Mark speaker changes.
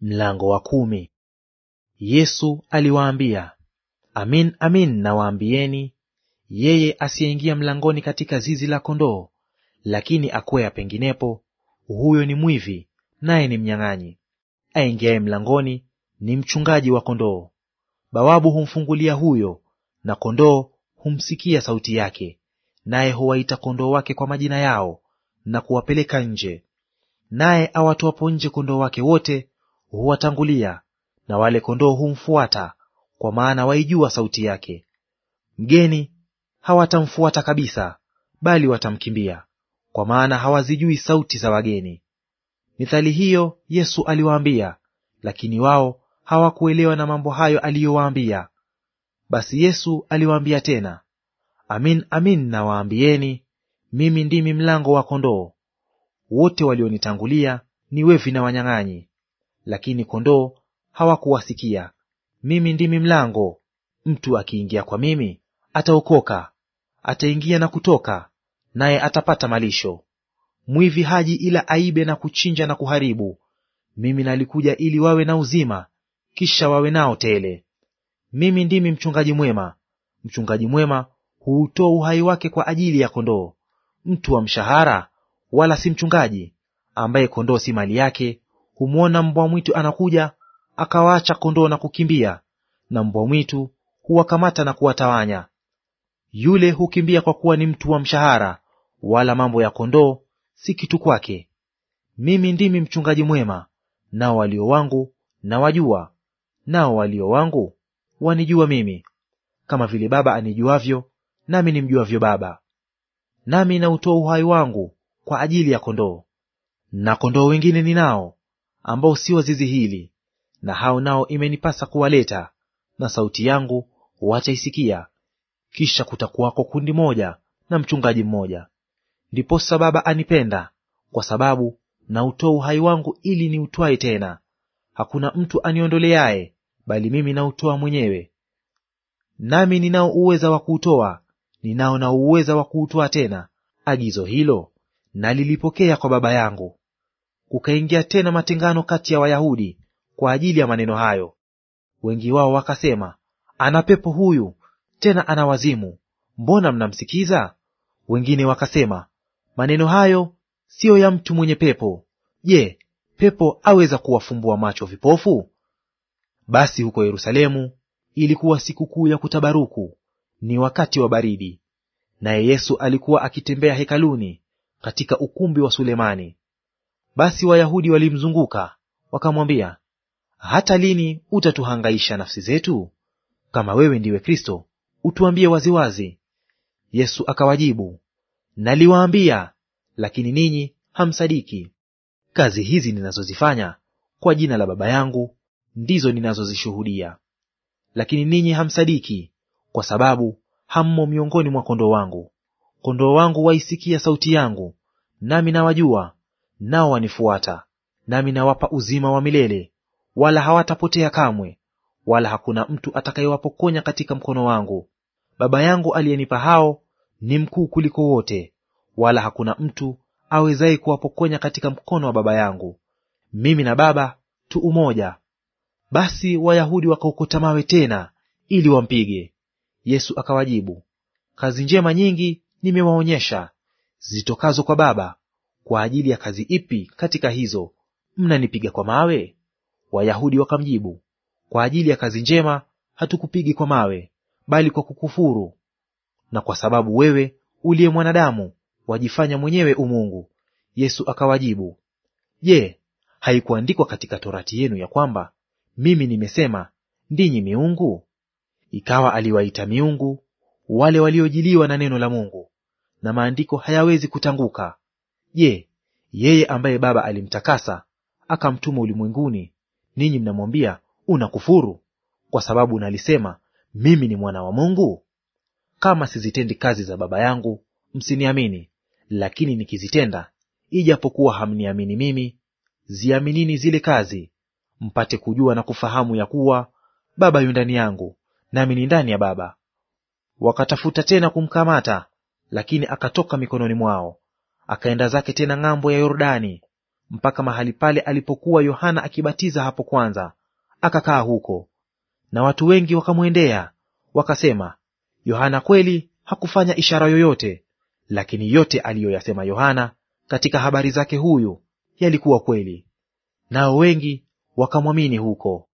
Speaker 1: Mlango wa kumi. Yesu aliwaambia, amin amin nawaambieni, yeye asiyeingia mlangoni katika zizi la kondoo, lakini akwea penginepo, huyo ni mwivi, naye ni mnyang'anyi. Aingiaye mlangoni ni mchungaji wa kondoo. Bawabu humfungulia huyo, na kondoo humsikia sauti yake, naye huwaita kondoo wake kwa majina yao na kuwapeleka nje. Naye awatoapo nje kondoo wake wote huwatangulia na wale kondoo humfuata, kwa maana waijua sauti yake. Mgeni hawatamfuata kabisa, bali watamkimbia, kwa maana hawazijui sauti za wageni. Mithali hiyo Yesu aliwaambia, lakini wao hawakuelewa na mambo hayo aliyowaambia. Basi Yesu aliwaambia tena, amin amin nawaambieni, mimi ndimi mlango wa kondoo. Wote walionitangulia ni wevi na wanyang'anyi, lakini kondoo hawakuwasikia. Mimi ndimi mlango; mtu akiingia kwa mimi ataokoka, ataingia na kutoka, naye atapata malisho. Mwivi haji ila aibe na kuchinja na kuharibu. Mimi nalikuja ili wawe na uzima, kisha wawe nao tele. Mimi ndimi mchungaji mwema. Mchungaji mwema huutoa uhai wake kwa ajili ya kondoo. Mtu wa mshahara wala si mchungaji, ambaye kondoo si mali yake, humwona mbwa mwitu anakuja, akawaacha kondoo na kukimbia, na mbwa mwitu huwakamata na kuwatawanya. Yule hukimbia kwa kuwa ni mtu wa mshahara, wala mambo ya kondoo si kitu kwake. Mimi ndimi mchungaji mwema, nao walio wangu na wajua, nao walio wangu wanijua mimi, kama vile Baba anijuavyo nami nimjuavyo Baba. Nami nautoa uhai wangu kwa ajili ya kondoo. Na kondoo wengine ninao ambao si wa zizi hili, na hao nao imenipasa kuwaleta, na sauti yangu wataisikia. Kisha kutakuwako kundi moja na mchungaji mmoja. Ndiposa Baba anipenda, kwa sababu nautoa uhai wangu ili niutwae tena. Hakuna mtu aniondoleaye, bali mimi nautoa mwenyewe. Nami ninao uweza wa kuutoa, ninao na uweza wa kuutoa tena. Agizo hilo nalilipokea kwa Baba yangu kukaingia tena matengano kati ya Wayahudi kwa ajili ya maneno hayo. Wengi wao wakasema, ana pepo huyu, tena ana wazimu, mbona mnamsikiza? Wengine wakasema, maneno hayo siyo ya mtu mwenye pepo. Je, pepo aweza kuwafumbua macho vipofu? Basi huko Yerusalemu ilikuwa sikukuu ya kutabaruku, ni wakati wa baridi. Naye Yesu alikuwa akitembea hekaluni katika ukumbi wa Sulemani. Basi Wayahudi walimzunguka wakamwambia, hata lini utatuhangaisha nafsi zetu? Kama wewe ndiwe Kristo, utuambie waziwazi. Yesu akawajibu, naliwaambia, lakini ninyi hamsadiki. Kazi hizi ninazozifanya kwa jina la Baba yangu ndizo ninazozishuhudia, lakini ninyi hamsadiki, kwa sababu hammo miongoni mwa kondoo wangu. Kondoo wangu waisikia sauti yangu, nami nawajua, nao wanifuata, nami nawapa uzima wa milele, wala hawatapotea kamwe, wala hakuna mtu atakayewapokonya katika mkono wangu. Baba yangu aliyenipa hao ni mkuu kuliko wote, wala hakuna mtu awezaye kuwapokonya katika mkono wa Baba yangu. Mimi na Baba tu umoja. Basi Wayahudi wakaokota mawe tena ili wampige. Yesu akawajibu, kazi njema nyingi nimewaonyesha zitokazo kwa Baba, kwa ajili ya kazi ipi katika hizo mnanipiga kwa mawe? Wayahudi wakamjibu, kwa ajili ya kazi njema hatukupigi kwa mawe, bali kwa kukufuru na kwa sababu wewe uliye mwanadamu wajifanya mwenyewe umungu. Yesu akawajibu, Je, haikuandikwa katika torati yenu ya kwamba mimi nimesema ndinyi miungu? Ikawa aliwaita miungu wale waliojiliwa na neno la Mungu, na maandiko hayawezi kutanguka Je, yeye ambaye Baba alimtakasa akamtuma ulimwenguni, ninyi mnamwambia unakufuru kwa sababu nalisema mimi ni mwana wa Mungu? Kama sizitendi kazi za Baba yangu msiniamini, lakini nikizitenda, ijapokuwa hamniamini mimi, ziaminini zile kazi, mpate kujua na kufahamu ya kuwa Baba yu ndani yangu, nami ni ndani ya Baba. Wakatafuta tena kumkamata, lakini akatoka mikononi mwao akaenda zake tena ng'ambo ya Yordani mpaka mahali pale alipokuwa Yohana akibatiza hapo kwanza, akakaa huko. Na watu wengi wakamwendea wakasema, Yohana kweli hakufanya ishara yoyote, lakini yote aliyoyasema Yohana katika habari zake huyu yalikuwa kweli. Nao wengi wakamwamini huko.